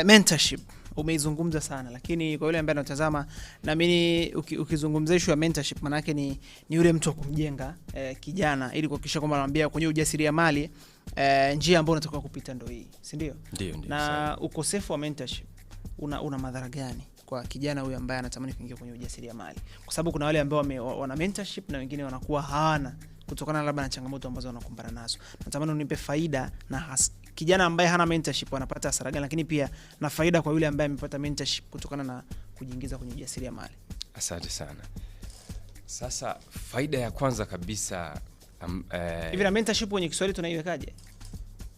Eh, mentorship umeizungumza sana lakini kwa yule ambaye anatazama, naamini ukizungumza issue ya mentorship, maana yake ni ni yule mtu wa kumjenga eh, kijana ili kuhakikisha kwamba anamwambia kwenye mali eh, njia ambayo unatakiwa kupita ndio hii, si ndio? Na ukosefu wa mentorship una, una madhara gani kwa kijana huyu ambaye anatamani kuingia kwenye mali Kwa sababu kuna wale ambao wana mentorship na wengine wanakuwa hawana kutokana labda na changamoto ambazo wanakumbana nazo. Natamani unipe faida na has, kijana ambaye hana mentorship anapata hasara gani, lakini pia na faida kwa yule ambaye amepata mentorship kutokana na kujiingiza kwenye ya mali Asante sana. Sasa faida ya kwanza kabisa um, eh, hivi na mentorship kwenye Kiswahili tunaiwekaje?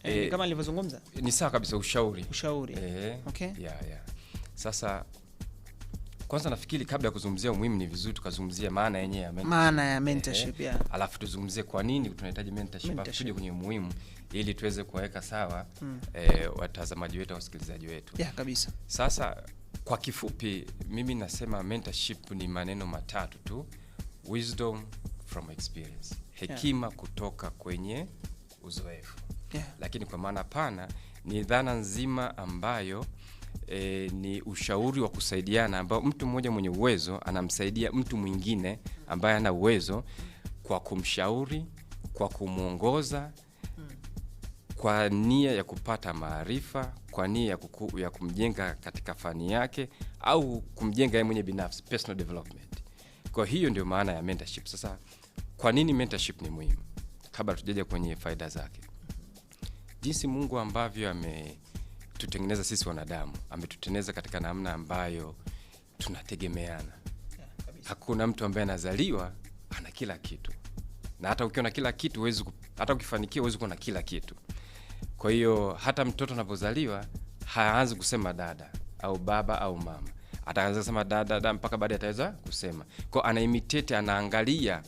eh, Eh, kama nilivyozungumza ni sawa kabisa, ushauri ushauri. Eh, okay. yeah, yeah. Sasa kwanza nafikiri kabla ya kuzungumzia umuhimu ni vizuri tukazungumzia maana yenyewe ya mentorship. Maana ya mentorship, yeah. Alafu tuzungumzie kwa nini tunahitaji mentorship, alafu tuje kwenye umuhimu ili tuweze kuweka sawa mm. eh, watazamaji wetu au wasikilizaji wetu. Yeah, kabisa. Sasa kwa kifupi mimi nasema mentorship ni maneno matatu tu. Wisdom from experience. Hekima yeah. kutoka kwenye uzoefu. Yeah. Lakini kwa maana pana ni dhana nzima ambayo e, ni ushauri wa kusaidiana ambao mtu mmoja mwenye uwezo anamsaidia mtu mwingine ambaye ana uwezo kwa kumshauri, kwa kumwongoza, kwa nia ya kupata maarifa, kwa nia ya, kuku, ya kumjenga katika fani yake au kumjenga ye mwenye binafsi, personal development. Kwa hiyo ndio maana ya mentorship. Sasa kwa nini mentorship ni muhimu? Kabla tujaja kwenye faida zake, jinsi Mungu ambavyo ame ametutengeneza sisi wanadamu, ametutengeneza katika namna ambayo tunategemeana. Hakuna mtu ambaye anazaliwa ana kila kitu, na hata ukiwa na kila kitu huwezi, hata ukifanikiwa huwezi kuwa na kila kitu. Kwa hiyo hata mtoto anavyozaliwa haanzi kusema dada au baba au mama, ataanza kusema dada da mpaka baada ataweza kusema kwao, anaimitate, anaangalia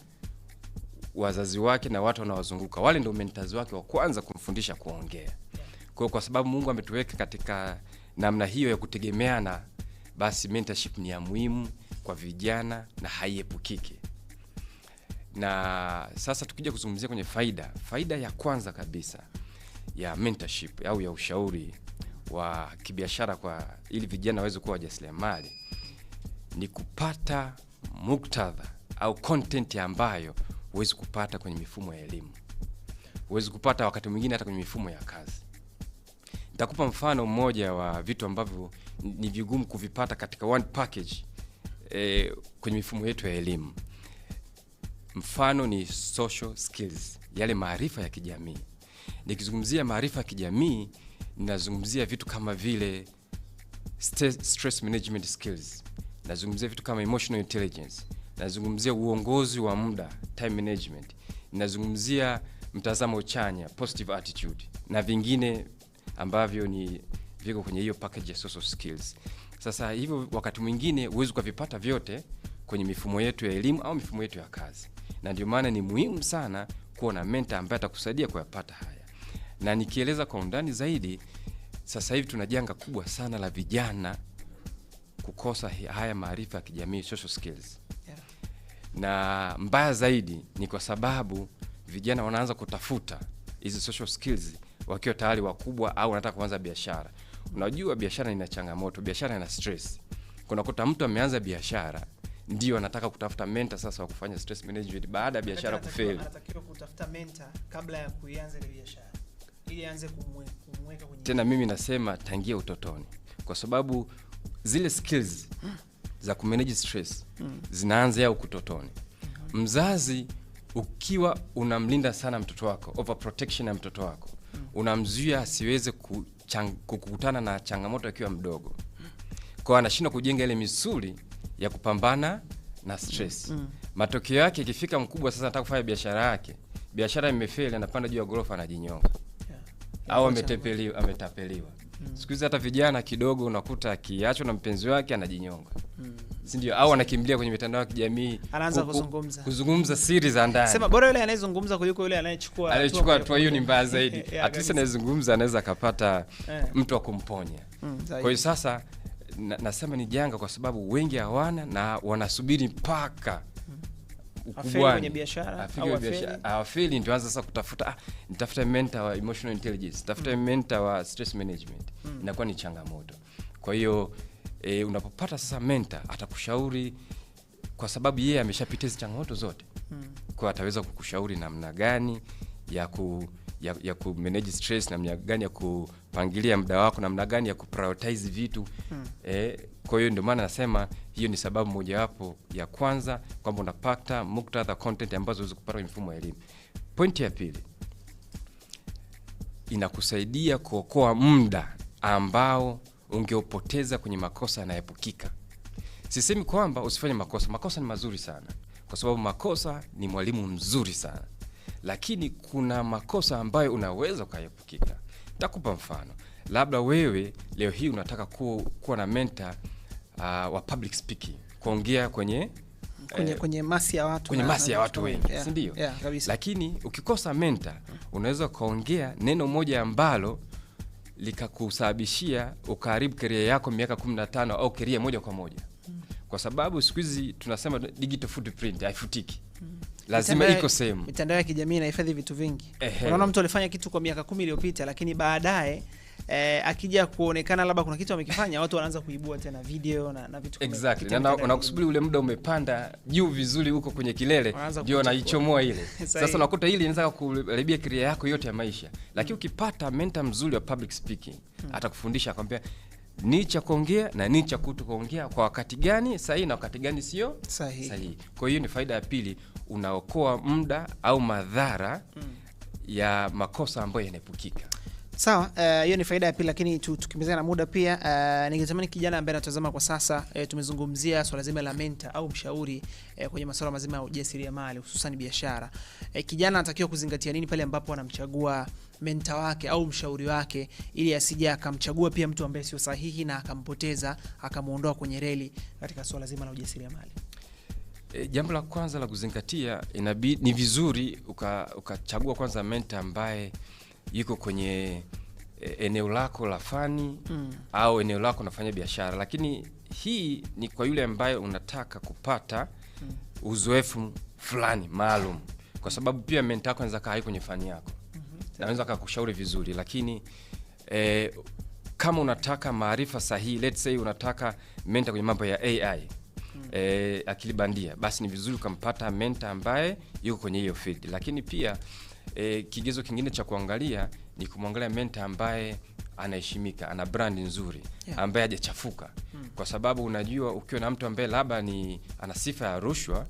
wazazi wake na watu wanaozunguka. Wale ndio mentazi wake wa kwanza kumfundisha kuongea. Kwa kwa sababu Mungu ametuweka katika namna hiyo ya kutegemeana, basi mentorship ni ya muhimu kwa vijana na haiepukiki. Na sasa tukija kuzungumzia kwenye faida, faida ya kwanza kabisa ya mentorship au ya ushauri wa kibiashara kwa ili vijana waweze kuwa wajasiriamali ni kupata muktadha au content ambayo huwezi kupata kwenye mifumo ya elimu, huwezi kupata wakati mwingine hata kwenye mifumo ya kazi. Nitakupa mfano mmoja wa vitu ambavyo ni vigumu kuvipata katika one package e, kwenye mifumo yetu ya elimu. Mfano ni social skills, yale maarifa ya kijamii. Nikizungumzia maarifa ya kijamii, ninazungumzia vitu kama vile stress management skills, nazungumzia vitu kama emotional intelligence, nazungumzia uongozi wa muda time management, nazungumzia mtazamo chanya positive attitude na vingine ambavyo ni viko kwenye hiyo package ya social skills. Sasa hivyo wakati mwingine huwezi ukavipata vyote kwenye mifumo yetu ya elimu au mifumo yetu ya kazi, na ndio maana ni muhimu sana kuwa na mentor ambaye atakusaidia kuyapata haya. Na nikieleza kwa undani zaidi, sasa hivi tuna janga kubwa sana la vijana kukosa haya maarifa ya kijamii social skills, Na mbaya zaidi ni kwa sababu vijana wanaanza kutafuta hizi social skills wakiwa tayari wakubwa au wanataka kuanza biashara. Unajua biashara ina changamoto, biashara ina stress. Kunakuta mtu ameanza biashara ndio anataka kutafuta menta sasa wa kufanya stress management baada ya biashara kufeli. Anatakiwa kutafuta mentor kabla ya kuianza ile biashara ili aanze kumweka kwenye. Tena mimi nasema tangia utotoni, kwa sababu zile skills za kumanage stress zinaanza yao kutotoni. Mhm. Mzazi ukiwa unamlinda sana mtoto wako, over protection ya mtoto wako unamzuia asiweze kukutana na changamoto akiwa mdogo, kwa anashindwa kujenga ile misuli ya kupambana na stress. Mm. Matokeo yake ikifika mkubwa sasa, anataka kufanya biashara yake, biashara imefeli, anapanda juu ya gorofa anajinyonga yeah. au ametepeliwa, ametapeliwa. Mm. Siku hizi hata vijana kidogo unakuta akiachwa na mpenzi wake anajinyonga. Mm si Au anakimbilia kwenye mitandao ya kijamii, anaanza kuzungumza kuzungumza siri za ndani. Sema bora yule anayezungumza kuliko yule anayechukua anayechukua hatua, hiyo ni mbaya zaidi. At least anayezungumza anaweza akapata eh. mtu wa kumponya. mm, Kwa hiyo sasa na, nasema ni janga kwa sababu wengi hawana na wanasubiri mpaka ukubwani mm. awafeli ndio anza sasa kutafuta ah, nitafuta mentor wa emotional intelligence, tafuta mm. mentor wa stress management. Mm. Inakuwa ni changamoto, kwa hiyo e, unapopata sasa menta atakushauri kwa sababu yeye ameshapitia hizi changamoto zote hmm. Kwa ataweza kukushauri namna gani ya ku ya, ya ku manage stress, namna gani ya kupangilia muda wako, namna gani ya kuprioritize vitu hmm. E, kwa hiyo ndio maana nasema hiyo ni sababu mojawapo ya kwanza kwamba unapata muktadha content ambazo huwezi kupata kwenye mfumo wa elimu. Pointi ya pili inakusaidia kuokoa muda ambao ungeupoteza kwenye makosa yanayepukika Sisemi kwamba usifanye makosa, makosa ni mazuri sana, kwa sababu makosa ni mwalimu mzuri sana, lakini kuna makosa ambayo unaweza ukaepukika. takupa mfano, labda wewe leo hii unataka kuwa, kuwa na menta uh, wa public speaking, kuongea kwenye kwenye, eh, kwenye masi ya watu, kwenye masi ya watu wengi yeah, sindio Yeah, lakini ukikosa menta unaweza ukaongea neno moja ambalo likakusababishia ukaharibu keria yako miaka 15 au keria moja kwa moja Kwa sababu siku hizi tunasema digital footprint haifutiki hmm. Lazima iko sehemu. Mitandao ya kijamii inahifadhi vitu vingi. Unaona mtu alifanya kitu kwa miaka kumi iliyopita, lakini baadaye eh, akija kuonekana labda kuna kitu amekifanya, watu wanaanza kuibua tena video na, na vitu exactly. Kama, na unakusubiri ule muda umepanda juu vizuri huko kwenye kilele, ndio naichomoa ile sasa unakuta hili inaweza kuharibia kiria yako yote ya maisha, lakini mm. ukipata mentor mzuri wa public speaking hmm. atakufundisha akwambia ni cha kuongea na ni cha kuongea kwa wakati gani sahihi na wakati gani sio sahihi sahi. Kwa hiyo ni faida ya pili, unaokoa muda au madhara mm. ya makosa ambayo yanaepukika. Sawa, eh, hiyo uh, ni faida ya pili, lakini tukimbizana na muda pia. Uh, ningetamani kijana ambaye anatazama kwa sasa uh, tumezungumzia swala zima la mentor au mshauri uh, kwenye masuala mazima ya ujasiriamali hususan biashara. Uh, kijana anatakiwa kuzingatia nini pale ambapo anamchagua menta wake au mshauri wake ili asije akamchagua pia mtu ambaye sio sahihi na akampoteza akamuondoa kwenye reli katika swala zima la ujasiriamali? E, jambo la kwanza la kuzingatia inabidi ni vizuri ukachagua uka kwanza menta ambaye yuko kwenye eh, eneo lako la fani mm. au eneo lako unafanya biashara, lakini hii ni kwa yule ambaye unataka kupata mm. uzoefu fulani maalum, kwa sababu pia menta yako anaweza kaa kwenye fani yako mm -hmm. anaweza kakushauri vizuri, lakini eh, kama unataka maarifa sahihi, let's say unataka menta kwenye mambo ya AI mm. E, eh, akili bandia, basi ni vizuri ukampata mentor ambaye yuko kwenye hiyo field, lakini pia e, kigezo kingine cha kuangalia ni kumwangalia menta ambaye anaheshimika, ana brandi nzuri yeah, ambaye hajachafuka hmm. Kwa sababu unajua ukiwa na mtu ambaye labda ni ana sifa ya rushwa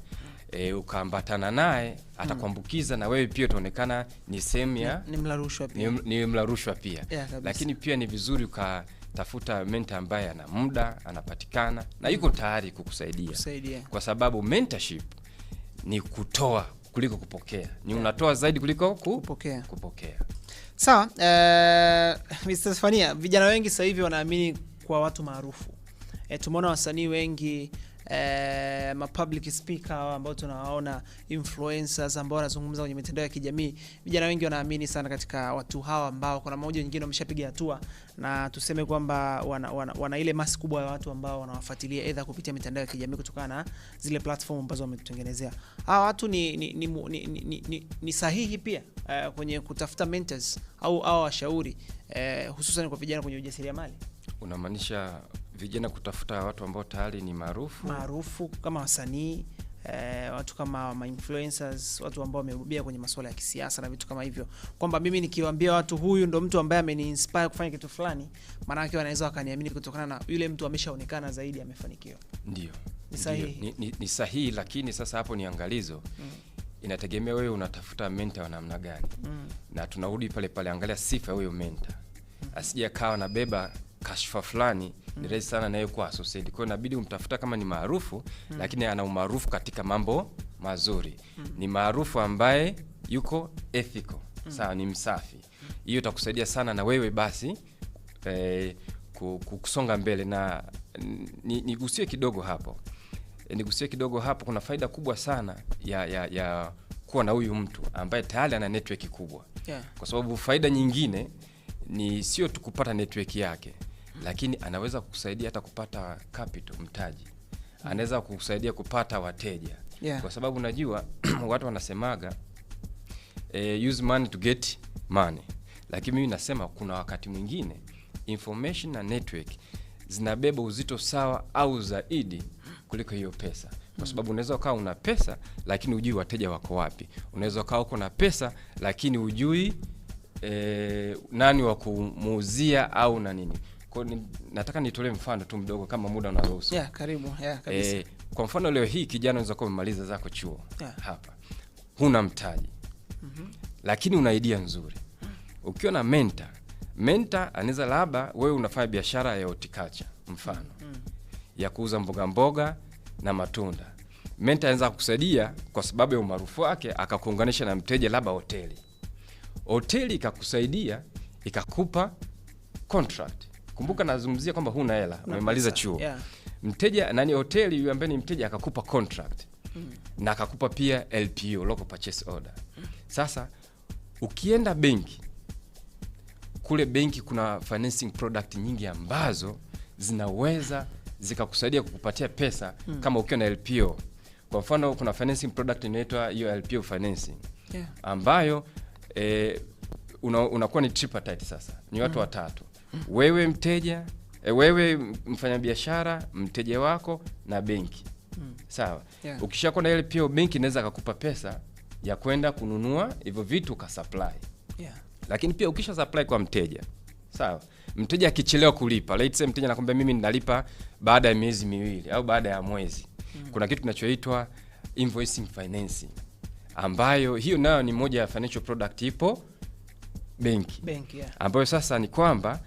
E, ukaambatana naye atakuambukiza, mm. na wewe pia utaonekana ni sehemu ya ni mla pia, ni, ni mla pia. Yeah, lakini pia ni vizuri ukatafuta menta ambaye ana muda anapatikana na yuko tayari kukusaidia, kusaidia. Kwa sababu mentorship ni kutoa kuliko kupokea, ni unatoa zaidi kuliko kupokea, kupokea. Sawa, uh, eh, Mr. vijana wengi sasa hivi wanaamini kwa watu maarufu. E, tumeona wasanii wengi eh, mapublic speaker ambao tunawaona influencers ambao wanazungumza kwenye mitandao ya kijamii. Vijana wengi wanaamini sana katika watu hawa ambao kuna mmoja wengine wameshapiga hatua, na tuseme kwamba wana, wana, wana ile masi kubwa ya watu ambao wanawafuatilia aidha kupitia mitandao ya kijamii kutokana na zile platform ambazo wametutengenezea. Hawa watu ni, ni, ni, ni, ni, ni, ni sahihi pia eh, kwenye kutafuta mentors au au washauri eh, hususan kwa vijana kwenye ujasiriamali. Unamaanisha vijana kutafuta watu ambao tayari ni maarufu maarufu kama wasanii eh, watu kama ma influencers, watu ambao wamebobea kwenye masuala ya kisiasa na vitu kama hivyo, kwamba mimi nikiwaambia watu huyu ndo mtu ambaye ameniinspire kufanya kitu fulani, maana yake wanaweza wakaniamini kutokana na yule mtu ameshaonekana zaidi, amefanikiwa. Ndio, ni sahihi, ni, ni, ni sahihi, lakini sasa hapo ni angalizo mm. Inategemea wewe unatafuta menta wa namna gani mm. Na tunarudi pale pale, angalia sifa ya huyo menta mm. Asije akawa anabeba kashfa fulani ni rahisi sana naye kuwa associated. Kwa hiyo inabidi umtafuta kama ni maarufu mm. lakini ana umaarufu katika mambo mazuri mm. ni maarufu ambaye yuko ethical mm. sawa, ni msafi. Hmm. Hiyo itakusaidia sana na wewe basi eh, kusonga mbele na nigusie kidogo hapo eh, nigusie kidogo hapo. Kuna faida kubwa sana ya, ya, ya kuwa na huyu mtu ambaye tayari ana network kubwa yeah. Kwa sababu faida nyingine ni sio tu kupata network yake lakini anaweza kukusaidia hata kupata capital, mtaji, anaweza kukusaidia kupata wateja yeah. Kwa sababu unajua watu wanasemaga eh, use money to get money, lakini mimi nasema kuna wakati mwingine information na network zinabeba uzito sawa au zaidi kuliko hiyo pesa kwa sababu unaweza ukawa una pesa lakini hujui wateja wako wapi. Unaweza ukawa uko na pesa lakini hujui e, nani wa kumuuzia au na nini. Kwa ni, nataka nitolee mfano tu mdogo kama muda unaruhusu. Yeah, karibu. Yeah, E, kwa mfano leo hii kijana unaweza kuwa umemaliza zako chuo. Yeah. Hapa. Huna mtaji. Mm -hmm. Lakini una idea nzuri. Mm-hmm. Ukiwa na mentor, mentor anaweza labda wewe unafanya biashara ya horticulture mfano. Mm -hmm. Ya kuuza mboga mboga na matunda. Mentor anaweza kukusaidia kwa sababu ya umaarufu wake akakuunganisha na mteja labda hoteli. Hoteli ikakusaidia ikakupa contract kumbuka nazungumzia kwamba huna hela umemaliza chuo yeah. mteja nani hoteli yule ambaye ni mteja akakupa contract mm. na akakupa pia LPO local purchase order mm. sasa ukienda benki kule benki kuna financing product nyingi ambazo zinaweza zikakusaidia kukupatia pesa mm. kama ukiwa na LPO kwa mfano kuna financing product inaitwa hiyo LPO financing yeah. ambayo eh, unakuwa una ni tripartite sasa ni watu mm. watatu wewe mteja eh, wewe mfanyabiashara, mteja wako na benki mm. Sawa yeah. Ukishakuwa na ile pio benki inaweza kakupa pesa ya kwenda kununua hivyo vitu ka supply yeah. Lakini pia ukisha supply kwa mteja sawa, mteja akichelewa kulipa, let's say mteja anakwambia mimi ninalipa baada ya miezi miwili au baada ya mwezi mm. Kuna kitu kinachoitwa invoicing financing ambayo hiyo nayo ni moja ya financial product ipo benki yeah. Ambayo sasa ni kwamba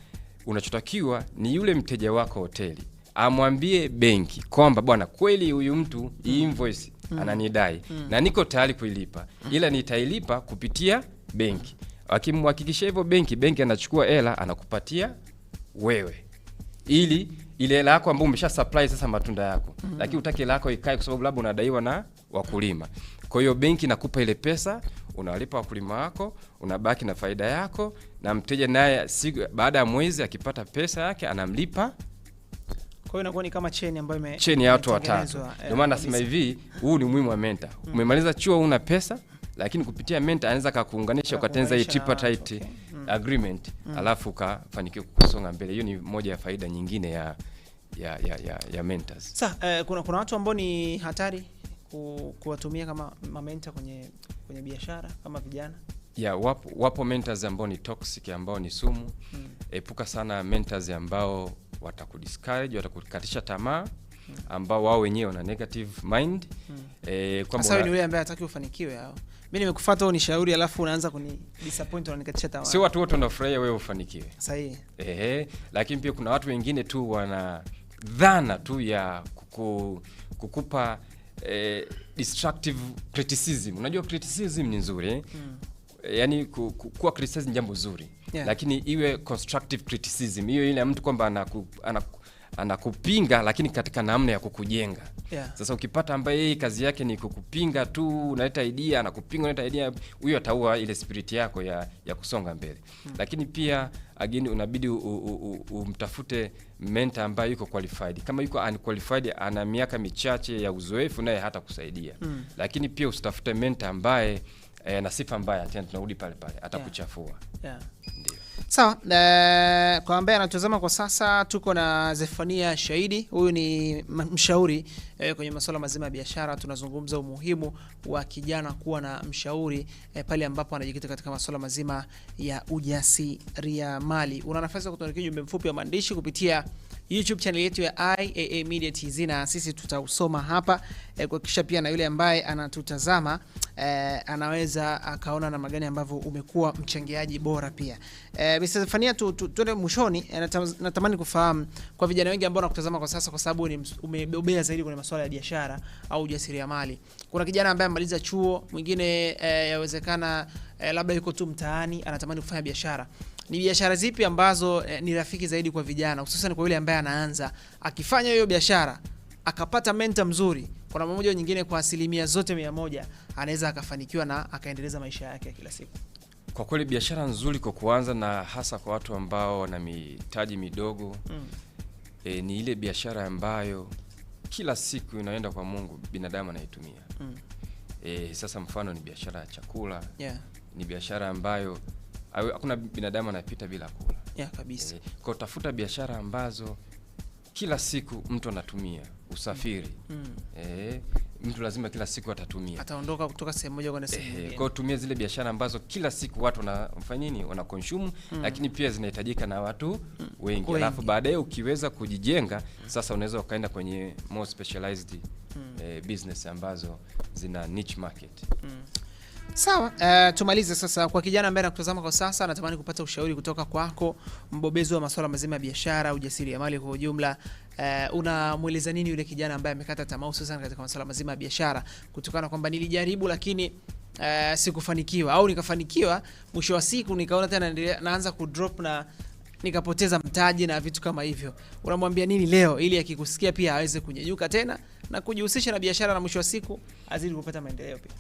unachotakiwa ni yule mteja wako hoteli amwambie benki kwamba bwana, kweli huyu mtu hii mm. invoice mm. ananidai mm. na niko tayari kuilipa, mm. ila nitailipa kupitia benki. Akimhakikisha hivyo benki, benki anachukua hela anakupatia wewe, ili ile hela yako ambayo umesha supply sasa matunda yako mm. lakini utaki hela yako ikae, kwa sababu labda unadaiwa na wakulima. Kwa hiyo benki nakupa ile pesa unalipa wakulima wako, unabaki na faida yako, na mteja naye baada ya mwezi akipata pesa yake anamlipa. Kwa cheni ya watu watatu. Eh, ndomaana nasema hivi, huu ni muhimu wa menta hmm. Umemaliza chuo una pesa, lakini kupitia menta anaweza kakuunganisha ukatenza hii tripartite okay. mm. agreement mm. alafu ukafanikiwa kusonga mbele. Hiyo ni moja ya faida nyingine ya ya ya, ya, ya mentors. Sasa eh, kuna kuna watu ambao ni hatari ku, kuwatumia kama mamenta kwenye, kwenye biashara kama vijana? ya Yeah, wapo, wapo mentors ambao ni toxic ambao ni sumu mm. Epuka sana mentors ambao watakudiscourage, watakukatisha tamaa mm. ambao wao wenyewe wana negative mind mm. eh, kwamba una... ni yule ambaye hataki ufanikiwe hao. Mimi nimekufuata wewe shauri alafu unaanza kuni disappoint unanikatisha tamaa. Sio watu wote wanafurahia wewe ufanikiwe. Sahihi. Ehe, lakini pia kuna watu wengine tu wana dhana tu ya kuku, kukupa Eh, destructive criticism. Unajua criticism ni nzuri mm. Yani ku, ku, kuwa criticism jambo zuri yeah. Lakini iwe constructive criticism, hiyo ile mtu kwamba anaku, anaku, anakupinga lakini katika namna ya kukujenga Yeah. Sasa ukipata ambaye yeye kazi yake ni kukupinga tu, unaleta idea anakupinga unaleta idea, huyo ataua ile spirit yako ya, ya kusonga mbele. Hmm. Lakini pia again unabidi umtafute menta ambaye yuko qualified. Kama yuko unqualified ana miaka michache ya uzoefu naye hata kusaidia. Hmm. Lakini pia usitafute menta ambaye eh, na sifa mbaya, tunarudi pale pale atakuchafua. Yeah. Yeah. ndio Sawa, so, kwa ambaye anatazama kwa sasa tuko na Zefania Shahidi. Huyu ni mshauri e, kwenye masuala mazima ya biashara. Tunazungumza umuhimu wa kijana kuwa na mshauri e, pale ambapo anajikita katika masuala mazima ya ujasiriamali. Una nafasi ya kutuandikia ujumbe mfupi wa maandishi kupitia YouTube channel yetu ya IAA Media TZ, na sisi tutausoma hapa e, kuhakikisha pia na yule ambaye anatutazama e, anaweza akaona namna gani ambavyo umekuwa mchangiaji bora pia. E, eh, Mr. tu, tuende mwishoni, natamani kufahamu kwa vijana wengi ambao wanakutazama kwa sasa, kwa sababu umebobea zaidi kwenye masuala ya biashara au ujasiriamali. Kuna kijana ambaye amaliza chuo, mwingine yawezekana eh, labda yuko tu mtaani anatamani kufanya biashara, ni biashara zipi ambazo eh, ni rafiki zaidi kwa vijana, hususan kwa yule ambaye anaanza? Akifanya hiyo biashara akapata menta mzuri, kuna mmoja nyingine, kwa asilimia zote mia moja anaweza akafanikiwa na akaendeleza maisha yake ya kila siku. Kwa kweli biashara nzuri kwa kuanza na hasa kwa watu ambao wana mitaji midogo mm. E, ni ile biashara ambayo kila siku inaenda kwa Mungu, binadamu anaitumia mm. E, sasa mfano ni biashara ya chakula yeah ni biashara ambayo hakuna binadamu anapita bila kula. Yeah, kabisa. E, kwa tafuta biashara ambazo kila siku mtu anatumia usafiri. Mm. E, mtu lazima kila siku atatumia, ataondoka kutoka sehemu moja kwenda sehemu eh, nyingine. Kwa hiyo tumia zile biashara ambazo kila siku watu wanafanya nini, wana consume mm. lakini pia zinahitajika na watu mm. wengi, alafu baadaye ukiweza kujijenga sasa, unaweza ukaenda kwenye more specialized mm. eh, business ambazo zina niche market mm. Sawa, uh, tumalize sasa. Kwa kijana ambaye anakutazama kwa sasa, anatamani kupata ushauri kutoka kwako, mbobezi wa masuala mazima ya biashara, ujasiriamali kwa ujumla. Uh, unamweleza nini yule kijana ambaye amekata tamaa, hususan katika masuala mazima ya biashara, kutokana kwamba nilijaribu lakini uh, sikufanikiwa au nikafanikiwa, mwisho wa siku nikaona tena naanza kudrop na nikapoteza mtaji na vitu kama hivyo. Unamwambia nini leo ili akikusikia pia aweze kunyanyuka tena na kujihusisha na biashara na mwisho wa siku azidi kupata maendeleo pia?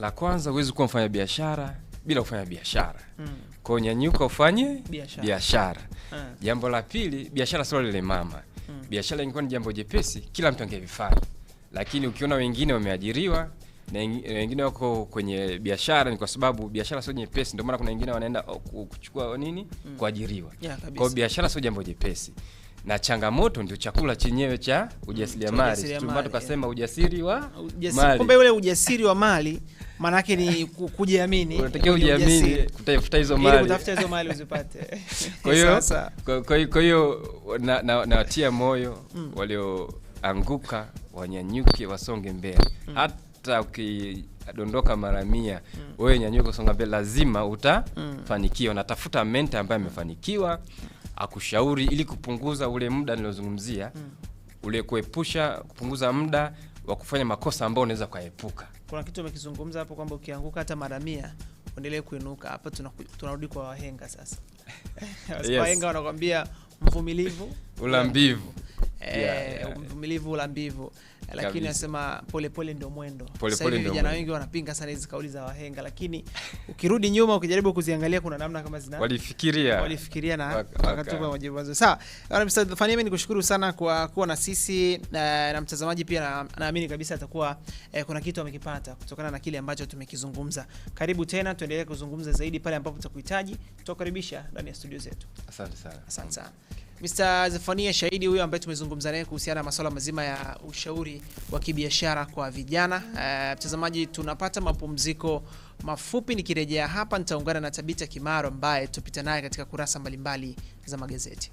La kwanza huwezi kuwa mfanya biashara bila kufanya biashara mm. kwao nyanyuka ufanye biashara mm. Jambo la pili, biashara sio lile mama mm. Biashara ingekuwa ni jambo jepesi, kila mtu angevifanya, lakini ukiona wengine wameajiriwa na wengine wako kwenye biashara, ni kwa sababu biashara sio nyepesi. Ndio maana kuna wengine wanaenda oh, kuchukua nini, mm. kuajiriwa. yeah, kwao biashara sio jambo jepesi na changamoto ndio chakula chenyewe cha ujasiriamali. Tumaa tukasema eh. ujasiri wa mali, kumbe yule ujasiri wa mali maana yake ni kujiamini, unatakiwa ujiamini kutafuta hizo mali, ili kutafuta hizo mali uzipate. Kwa hiyo kwa hiyo nawatia na, na moyo mm. walioanguka wanyanyuke, wasonge mbele mm. hata uki dondoka mara mia mm. wewe nyanyuke usonga mbele, lazima mm. utafanikiwa. mm. Natafuta mentor ambaye amefanikiwa mm akushauri ili kupunguza ule muda niliozungumzia mm. ule kuepusha kupunguza muda wa kufanya makosa ambayo unaweza ukaepuka. Kuna kitu umekizungumza hapo kwamba ukianguka hata mara mia uendelee kuinuka. Hapa tunarudi kwa wahenga sasa. yes. Wahenga wanakwambia mvumilivu ula mbivu Eh, eh, yeah, uvumilivu ula mbivu, eh, lakini anasema polepole ndio mwendo. Sasa vijana wengi wanapinga sana hizi kauli za wahenga, lakini ukirudi nyuma ukijaribu kuziangalia, kuna namna kama zina walifikiria walifikiria na wakatupa majibu mazuri. Sawa, bwana Mr. Fania, mimi nikushukuru sana kwa kuwa na sisi na, na mtazamaji pia, naamini na kabisa atakuwa eh, kuna kitu amekipata kutokana na kile ambacho tumekizungumza. Karibu tena, tuendelee kuzungumza zaidi pale ambapo tutakuhitaji. tutakaribisha ndani ya studio zetu. Asante sana. Asante sana. Mr. Zefania Shahidi huyo ambaye tumezungumza naye kuhusiana na masuala mazima ya ushauri wa kibiashara kwa vijana. Eh, mtazamaji, uh, tunapata mapumziko mafupi. Nikirejea hapa nitaungana na Tabita Kimaro ambaye tupita naye katika kurasa mbalimbali za magazeti.